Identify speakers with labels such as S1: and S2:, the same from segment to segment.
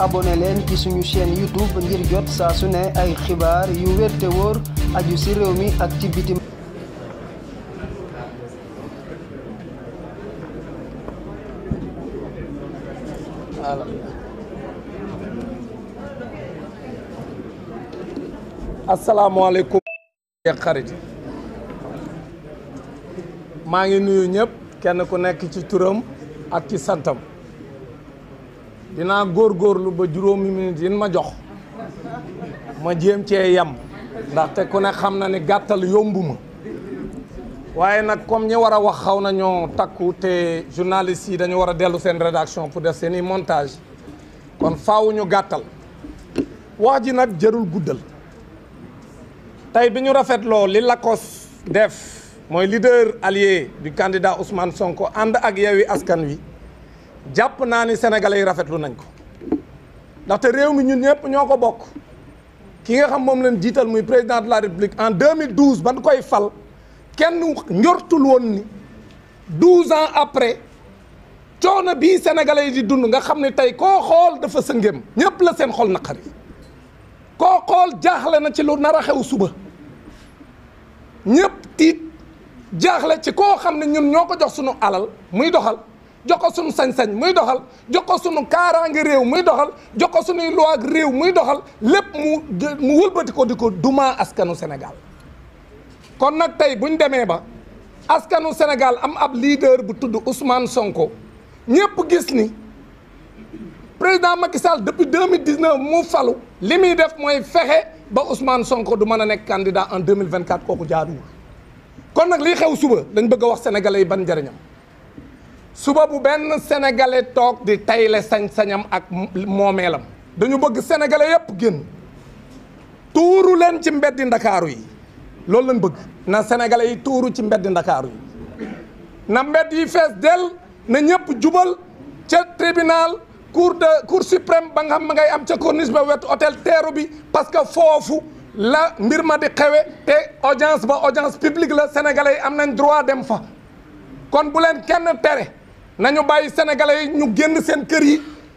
S1: abonné leen ci suñu seen YouTube ngir jot saa su ne ay xibaar yu wér wóor aju ci réew mi ak ci bitim asalaamaaleykum xarit maa ngi nuyu ñépp kenn ku nekk ci turam ak ci santam dinaa góor góorgóorlu ba juróomi minutes yin ma jox ma jéem cee yem ndaxte ku ne xam na ni gàttal yombu ma waaye nag comme ñi war a wax xaw na ñoo takku te journalistes yi dañu war a dellu seen rédaction pour def seeni montage kon faaw gàttal wax ji nag jërul guddal tey bi ñu rafetloo li Lacoste def mooy lider allier du candidat Ousmane Sonko ànd ak Yewwi Askan Wi jàpp naa ni sénégale yi rafetlu nañ ko ndaxte réew mi ñun ñëpp ñoo ko bokk ki nga xam moom leen jiital muy président de la république en 2012 ban koy fal kenn njortul woon ni 12 ans après coono bii sénégalais yi di dund nga xam ne tey koo xool dafa sëngéem ñëpp la seen xol naqari koo xool jaaxle na ci lu nar a xew suba ñëpp tiit jaaxle ci koo xam ne ñun ñoo ko jox sunu alal muy doxal. jox ko sunu sañ-sañ muy doxal jox ko sunu kaaraange réew muy doxal jox ko sunuy loi ak réew muy doxal lépp mu mu wëlbati ko di ko dumaa askanu Sénégal kon nag tey bu demee ba askanu senegal am ab leader bu tudd Ousmane Sonko ñëpp gis ni président Macky Sall depuis 2019 mu falu li muy def mooy fexe ba Ousmane Sonko du ma a nekk candidat en 2024 kooku jaaduwul kon nag lii xew suba dañ bëgg a wax sénégalais yi ban njariñam suba bu benn sénégalais toog di tayle sañ-sañam ak moomeelam dañu bëgg sénégalais yépp génn tuuru leen ci mbeddi ndakaaru yi loolu lañ bëgg na sénégalais yi tuuru ci mbeddi ndakaaru yi na mbedd yi fees dell na ñëpp jubal ca tribunal cour de cour suprême ba nga xam ma ngay am ca corniche ba wetu hôtel teeru bi parce que foofu la mbir ma di xewe te audience ba audience publique la sénégalais yi am nañ droit dem fa kon bu leen kenn tere na nañu bàyyi sénégalais yi ñu génn seen kër yi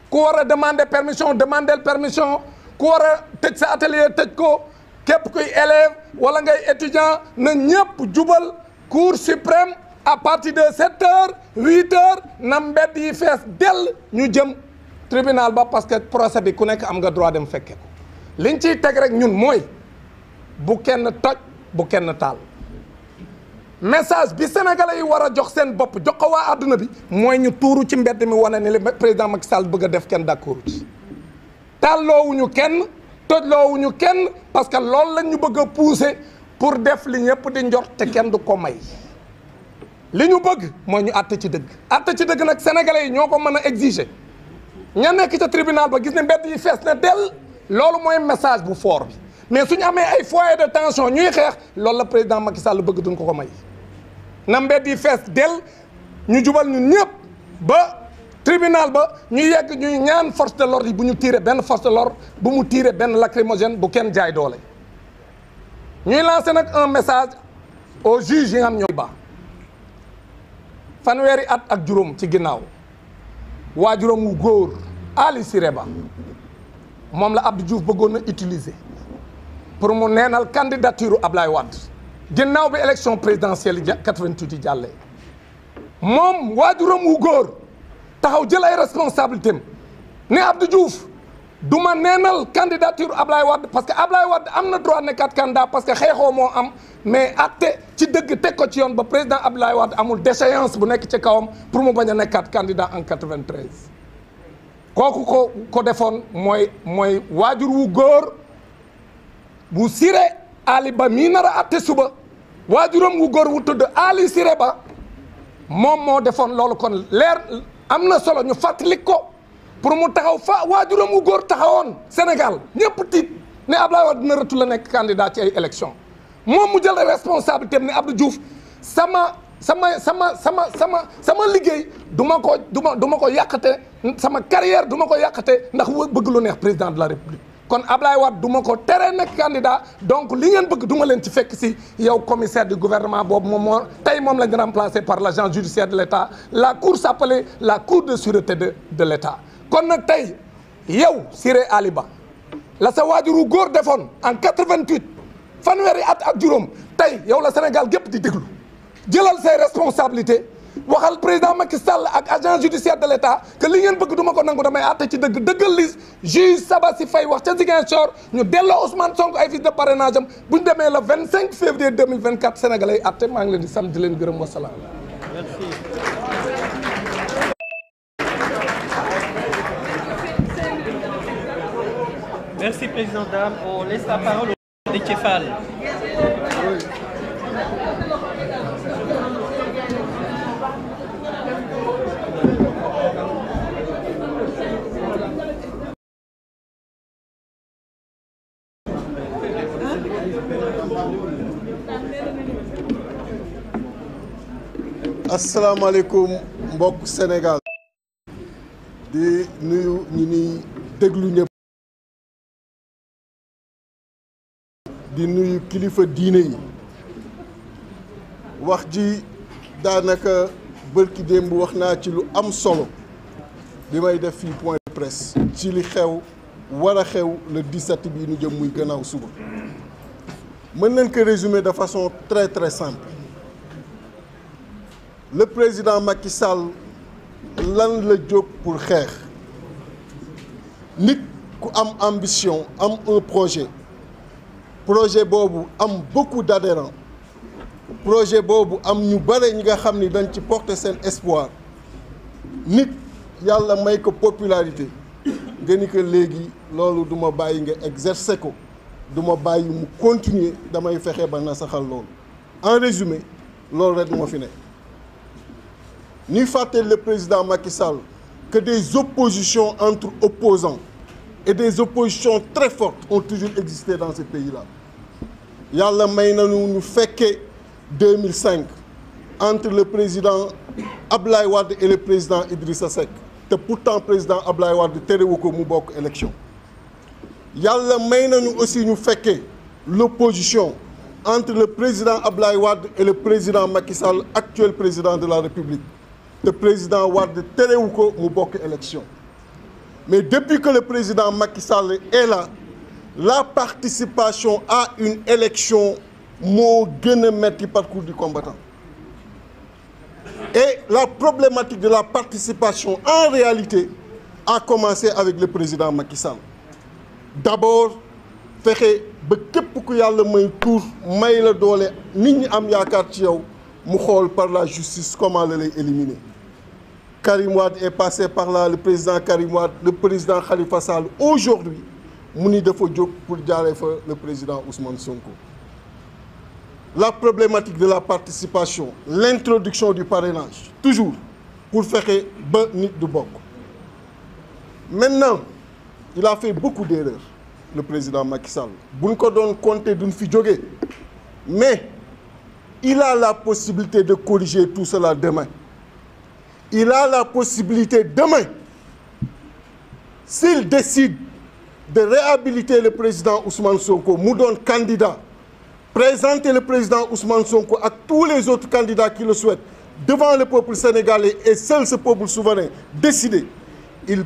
S1: ku war a demander permission demander permission ku war a tëj sa atelier tëj ko képp kuy élève wala ngay étudiant na ñëpp jubal cour suprême à parti de sept heures huit heures na mbedd yi fees dell ñu jëm tribunal ba parce que procès bi ku nekk am nga droit dem fekke ko liñ ciy teg rek ñun mooy bu kenn toj bu kenn taal message bi sénégalais yi war a jox seen bopp jox ko waa àdduna bi mooy ñu tuuru ci mbedd mi wane ni li président Macky Sall bëgg a def kenn d'accord ci tàlloowuñu kenn tojloowuñu kenn parce que loolu lañ ñu bëgg a pousser pour def li ñëpp di njort te kenn du ko may li ñu bëgg mooy ñu àtte ci dëgg àtte ci dëgg nag sénégalais yi ñoo ko mën a exiger ña nekk ca tribunal ba gis ne mbedd yi fees na dell loolu mooy message bu foor bi mais suñu amee ay foyer de tension ñuy xeex loolu la président Macky Sall bëgg duñ ko ko may na mbedd yi fees del ñu jubal ñu ñëpp ba tribunal ba ñu yegg ñuy ñaan force de l'ordre bu ñu tiire benn force de l'ordre bu mu tiire benn lacrymogène bu kenn jaay doole ñuy lancé nag un message au juge yi nga xam ba fanweeri at ak juróom ci ginnaaw waa juróom wu góor Ali Ba moom la Abdou Diouf bëggoon na utiliser pour mu neenal candidature Ablaye wat ginnaaw bi élection présidentielle yi 88 yi jàllee moom waajuram wu góor taxaw jël ay responsabilité am ne Abdou du ma neenal candidature Ablaye Wade parce que abla Wade am na droit nekkaat candidat parce que xeexoo moo am mais atte ci dëgg teg ko ci yoon ba président Ablaye Wade amul déchéance bu nekk ci kawam pour mu bañ a nekkaat candidat en 93 kooku ko ko defoon mooy mooy waajur wu góor bu sire Ali Ba mii nar a atte suba waajuram wu góor wu tudd Ali Siré Ba moom moo defoon loolu kon leer am na solo ñu fàttali ko pour mu taxaw fa waajuram wu góor taxawoon Sénégal ñëpp tiit ne Abdoulaye Wade dina rëtu la nekk candidat ci ay élection moom mu jël responsabilité am ne Abdou Diouf sama sama sama sama sama sama liggéey duma ko du ma du ma ko yàqate sama carrière du ma ko yàqate ndax bëgg lu neex président de la république kon Ablaye Wade duma ma ko tere nekk candidat donc li ngeen bëgg du ma leen ci fekk si yow commissaire du gouvernement boobu moom moo tey moom lañ remplacé par l' agence judiciaire de l' état la cour s' la cour de sûreté de de l' état kon nag tey yow Siré Ali la sa waajuru góor defoon en 88 fanweeri at ak juróom tey yow la Sénégal gépp di déglu jëlal say responsabilité waxal président makis Sall ak agent judiciaire de l' état li ngeen bëgg du ko nangu damay àtte ci dëgg dëggal li juge Sabassi Faye wax ca Ziguinchor ñu dello Ousmane Sonko ay fiches de parrainage am bu ñu demee le 25 février 2024 sénégalais yi àtte maa ngi leen di sant di leen gërëm wasalaam.
S2: merci. asalaamaaleykum mbokk Sénégal di nuyu ñi ni déglu ñëpp di nuyu kilifa diine yi wax ji daanaka bërki démb wax naa ci lu am solo bi may def fii point de ci li xew war a xew le 17 bi ñu jëm muy gannaaw suba mën nañ ko résumer de façon très très simple le président Macky Sall lan la jóg pour xeex nit ku am ambition am un projet projet boobu am beaucoup d'adhérents projet boobu am ñu bare ñi nga xam ni dañ ci porter seen espoir nit yàlla may ko popularité nga ni que léegi loolu duma bàyyi nga exercer ko duma bàyyi mu continuer damay fexe ba nasaxal loolu en résumé loolu rek moo fi ne ñuy fàtteel le président Macky Sall que des oppositions entre opposants et des oppositions très fortes ont toujours existé dans ce pays-là yàlla may nañu ñu fekkee 2005 entre le président Ablaye Wade et le président Idrissa Seck te pourtant président Ablaye Wade terewu ko mu bokk élection yàlla may nañu aussi ñu fekkee l'opposition entre le président Ablaye Wade et le président Macky Sall actuel président de la République te président Wade terewu ko mu bokk élection mais depuis que le président Macky Sall est là la participation à une élection moo gën a metti parcours du combattant et la problématique de la participation en réalité a commencé avec le président Macky Sall d'abord fexe ba képp ku yàlla may tuur may la doole nit ñi am yaakaar ci yow mu xool par la justice comment la lay éliminer Karim Wade est passé par là le président Karim Wade le président Khalifa Sall aujourd'hui mu ni dafa jóg pour jaaree le président Ousmane Sonko la problématique de la participation l'introduction du parrainage toujours pour fexe ba nit du bokk maintenant il a fait beaucoup d'erreurs le président Macky Sall buñ ko doon compter duñ fi jógee mais il a la possibilité de corriger tout cela demain il a la possibilité demain, s'il décide de réhabiliter le président Ousmane Sonko, nous donne candidat, présenter le président Ousmane Sonko à tous les autres candidats qui le souhaitent devant le peuple sénégalais et seul ce peuple souverain décidé. Il...